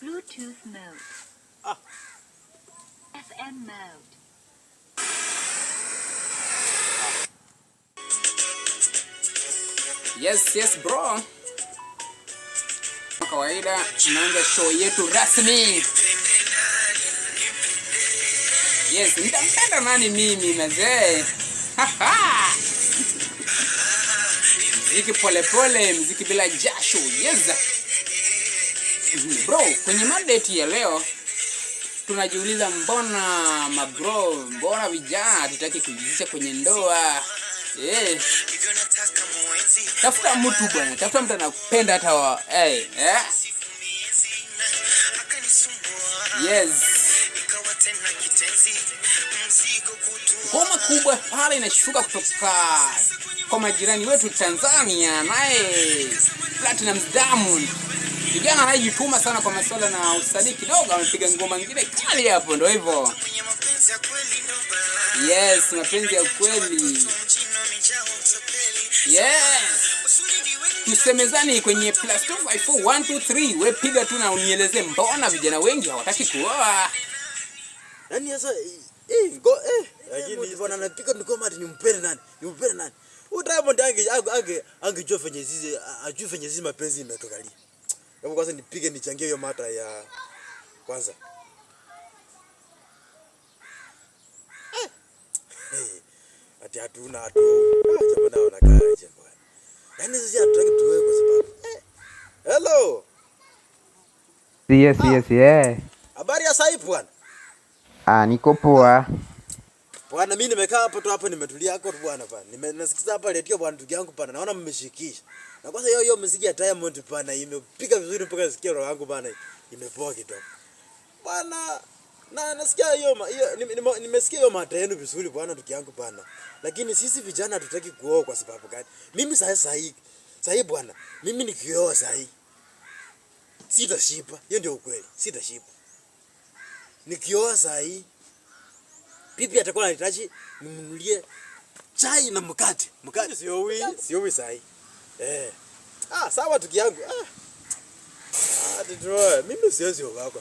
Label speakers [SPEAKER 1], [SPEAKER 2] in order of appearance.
[SPEAKER 1] Bluetooth mode. Ah. FM mode. Yes, yes bro. Kwa kawaida tunaanza show yetu rasmi. Yes, nitampenda nani mimi mazee? mziki polepole, mziki bila jasho. Yes. Bro, kwenye mandate ya leo tunajiuliza mbona mabro, mbona vijana hatutaki kujihusisha kwenye ndoa eh. Tafuta mtu bwana, tafuta mtu anakupenda hata wa hey, yeah. Eh. Yes, ngoma kubwa pale inashuka kutoka kwa majirani wetu Tanzania, naye Platinum Diamond kijana anajituma sana kwa masuala na usanii kidogo, amepiga ngoma nyingine kali hapo. Ndio hivyo, yes, mapenzi ya kweli. yes. Tusemezani kwenye plus 254123 we piga tu na unieleze, mbona vijana wengi hawataki kuoa?
[SPEAKER 2] Nani sasa eh go eh, lakini hivyo yaani na anapika ni kama nimpende nani, mpende nani? Huyu Diamond ange ange ange ange jua fenye zizi ajue zizi mapenzi imetokalia Hebu kwanza nipige nichangie hiyo mata ya kwanza. Hey, hmm. ati hatuna hatu. Ah, Jambo nao nakaa aje bwana. Yaani sisi hatutaki tuwe kwa sababu. Hello.
[SPEAKER 3] Yes, yes, yeah.
[SPEAKER 2] Habari ya saipu bwana?
[SPEAKER 3] Ah, niko poa.
[SPEAKER 2] Bwana mimi nimekaa hapo tu hapo nimetulia hapo tu bwana bwana. Nimesikiza hapa redio bwana ndugu yangu bwana. Naona mmeshikisha. Na kwanza hiyo hiyo muziki ya Diamond bwana imepiga vizuri mpaka sikio roho yangu bwana. Imepoa kidogo. Bwana na nasikia hiyo hiyo nimesikia hiyo mada yenu vizuri bwana ndugu yangu bwana. Lakini sisi vijana hatutaki kuoa kwa sababu gani? Mimi sasa sahi sahi bwana. Mimi nikioa sahi. Sitashipa. Hiyo ndio ukweli. Sitashipa. Nikioa sahi Bibi atakuwa anahitaji nimnunulie chai na mkate. Mkate sio wi, sio wi sahi. Eh. Ah, sawa tukiangu. Ah. Ah, mimi siwezi wako.